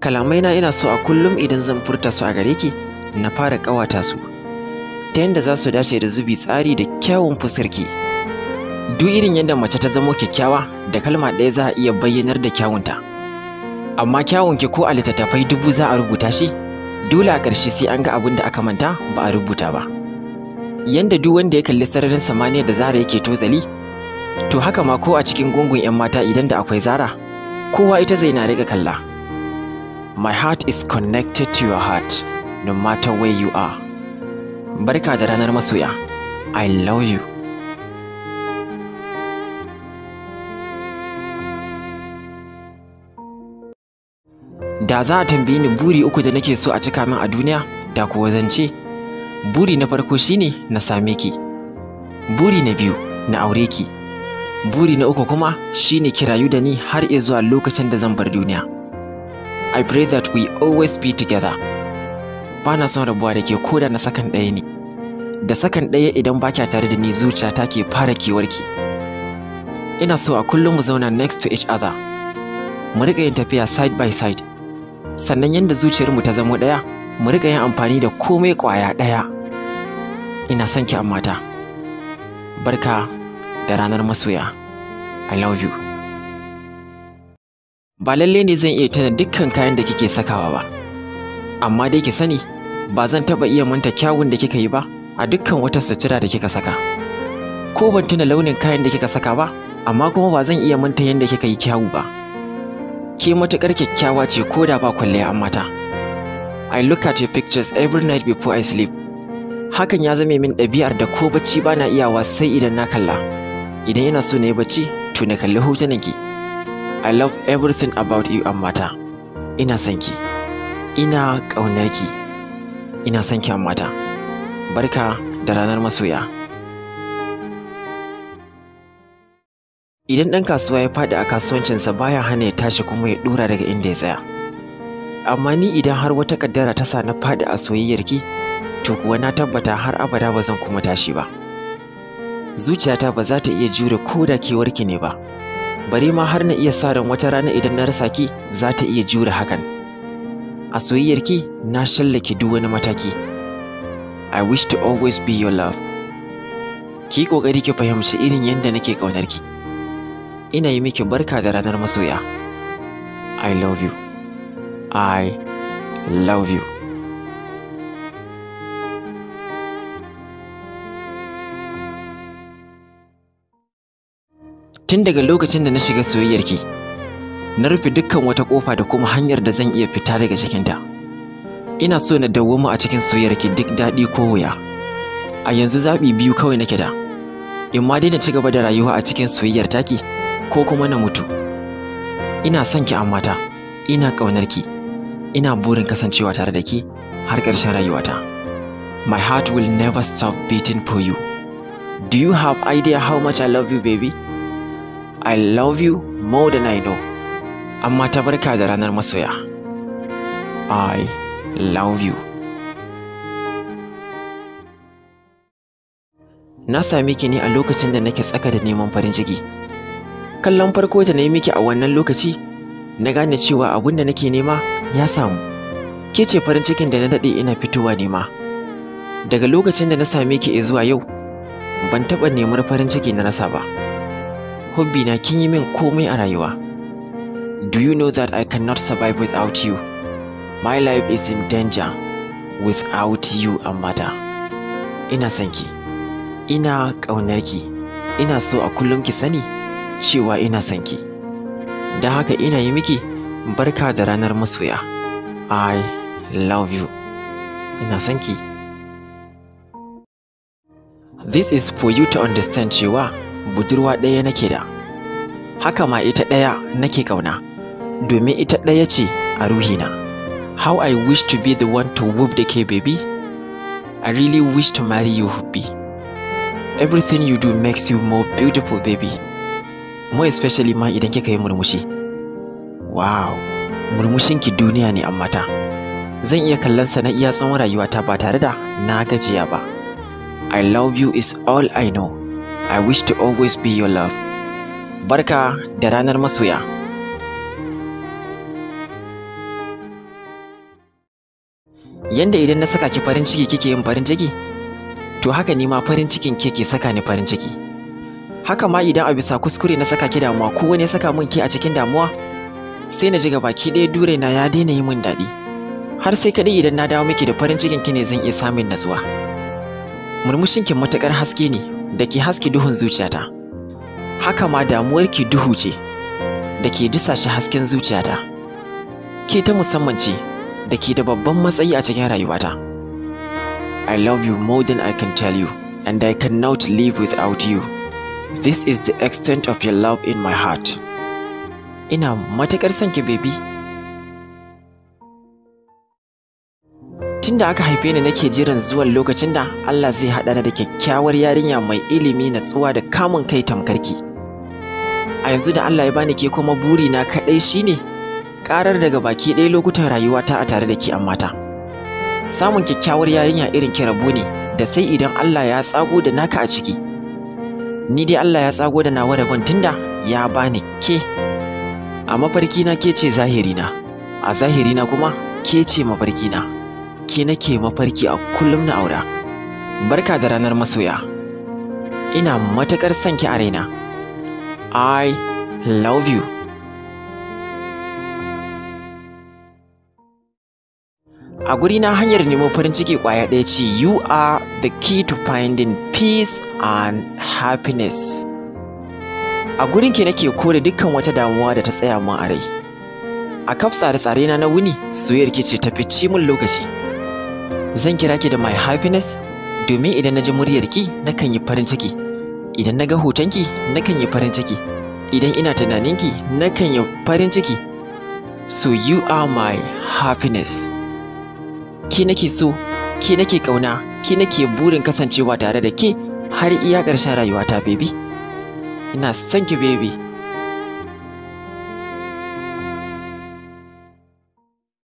Kalamai na ina so a kullum idan zan furta su a gare ki na fara kawata su ta yadda za su dace da zubi tsari da kyawun fuskarki duk irin yadda mace ta zamo kyakkyawa da kalma ɗaya za a iya bayyanar da kyawunta amma kyawunki ko a littattafai dubu za a rubuta shi dole a ƙarshe sai an ga abin da aka manta ba a rubuta ba Yadda duk wanda ya kalli sararin samaniya da zara yake tozali to haka ma ko a cikin gungun 'yan mata idan da akwai zara kowa ita zai na riga kalla My heart is connected to your heart no matter where you are. Barka da ranar masoya. I love you. Da za a tambayi ni buri uku da nake so a cika min a duniya, da kuwa zan buri na farko shine na same ki. Buri na biyu na aure ki. Buri na uku kuma shine ne kirayu da ni har zuwa lokacin da zan bar duniya. I pray that we always be together. Ba na son rabuwa da ke koda na sakan ɗaya ne. Da sakan ɗaya idan ba tare da ni zuciya ta ke fara kewarki. Ina so a kullum mu zauna next to each other. Mu riƙa yin tafiya side by side. Sannan yadda zuciyarmu ta zamo ɗaya, mu riƙa yin amfani da komai ƙwaya ɗaya. Ina son ki amma Barka da ranar masoya. I love you. ba lalle ne zan iya tana dukkan kayan da kike sakawa ba amma dai ki sani ba zan taɓa iya manta kyawun da kika yi ba a dukkan wata sutura da kika saka ko ban tuna launin kayan da kika saka ba amma kuma ba zan iya manta yanda kika yi kyawu ba ke matuƙar kyakkyawa ce ko da ba kwalliya an mata I look at your pictures every night before I sleep hakan ya zame min ɗabi'ar da ko bacci bana iyawa sai idan na kalla idan ina so na yi bacci to na kalli hotunanki ki I love everything about you Amata. Ina son Ina ƙaunar Ina son ki Barka da ranar masoya. Idan ɗan kasuwa ya faɗi a kasuwancinsa baya hana ya tashi kuma ya ɗora daga inda ya tsaya. Amma ni idan har wata ƙaddara ta sa na faɗi a soyayyarki, to kuwa na tabbata har abada ba zan kuma tashi ba. Zuciyata ba za ta iya jure ko da kewarki ne ba. Bari ma har na iya sa ran wata rana idan na rasa ki za ta iya jure hakan a soyayyar ki na shallake duk wani mataki i wish to always be your love ki kokari ki fahimci irin yadda nake kaunar ki ina yi miki barka da ranar masoya i love you i love you tun daga lokacin da na shiga soyayyarki na rufe dukkan wata kofa da kuma hanyar da zan iya fita daga cikinta ina so na dawwama a cikin soyayyarki duk daɗi ko wuya a yanzu zaɓi biyu kawai nake da in ma dai na ci gaba da rayuwa a cikin soyayyar taki ko kuma na mutu ina son ki amma ta ina ƙaunar ki ina burin kasancewa tare da ki har ƙarshen rayuwata my heart will never stop beating for you do you have idea how much i love you baby I love you more than I know. Amma ta barka da ranar masoya. I love you. Na same ki ne a lokacin da nake tsaka da neman farin ciki. Kallon farko da na yi miki a wannan lokaci, na gane cewa abin da nake nema ya samu. Ke ce farin cikin da na daɗe ina fitowa nema. Daga lokacin da na same ki zuwa yau, ban taɓa nemar farin ciki na rasa ba. hobby na kin yi min komai a rayuwa do you know that i cannot survive without you my life is in danger without you amada ina son ki ina ƙaunar ki ina so a kullum ki sani cewa ina son ki da haka ina yi miki barka da ranar masoya i love you ina son ki This is for you to understand cewa budurwa ɗaya nake da haka ma ita ɗaya nake ƙauna domin ita ɗaya ce a ruhina how i wish to be the one to whoop the ke baby i really wish to marry you Hubi. everything you do makes you more beautiful baby more especially ma idan kika yi murmushi wow murmushinki duniya ne amma ta zan iya kallon sa na iya tsawon rayuwata ba tare da na gajiya ba i love you is all i know I wish to always be your love. Barka da ranar masoya. yanda idan na saka ki farin ciki kike yin farin ciki to haka ni ma farin cikin ke ke saka ni farin ciki haka ma idan a bisa kuskure na saka ki damuwa ko wani ya saka min ki a cikin damuwa sai na ji gaba ki ɗaya dure na ya daina yi min daɗi har sai kaɗai idan na dawo miki da farin cikin ki ne zan iya samun natsuwa murmushin ki matuƙar haske ne da ke haske duhun zuciyata haka ma damuwar ki duhu ce da ke dusashe hasken zuciyata ke ta musamman ce da ke da babban matsayi a cikin rayuwata I love you more than I can tell you and I cannot live without you This is the extent of your love in my heart ina matakar son ki baby tun da aka haife ni nake jiran zuwan lokacin da Allah zai haɗa da kyakkyawar yarinya mai ilimi natsuwa da kamun kai tamkarki a yanzu da Allah ya bani ke kuma buri na kaɗai ne, ƙarar daga baki ɗaya lokutan rayuwata a tare da ke an mata. samun kyakkyawar yarinya irin ki rabu ne da sai idan Allah ya tsago da naka a ciki ni dai Allah ya tsago da nawa rabon tunda ya bani ke a mafarki ke ce zahiri a zahiri kuma ke ce mafarki ke nake mafarki a kullum na aura barka da ranar masoya ina matakar son ki a raina i love you a guri na hanyar nemo farin ciki kwaya ɗaya ce you are the key to finding peace and happiness a gurin ke nake kore dukkan wata damuwa da ta tsaya min a rai a kafsa tsare-tsare na na wuni soyayyar ki ce ta cimin min lokaci zan kira ki da my happiness domin idan na ji muryarki nakan yi farin ciki idan na ga hotonki nakan yi farin ciki idan ina tunaninki nakan yi farin ciki so you are my happiness ki nake so ki nake kauna ki nake burin kasancewa tare da ke har iya ƙarshen rayuwata baby ina son ki baby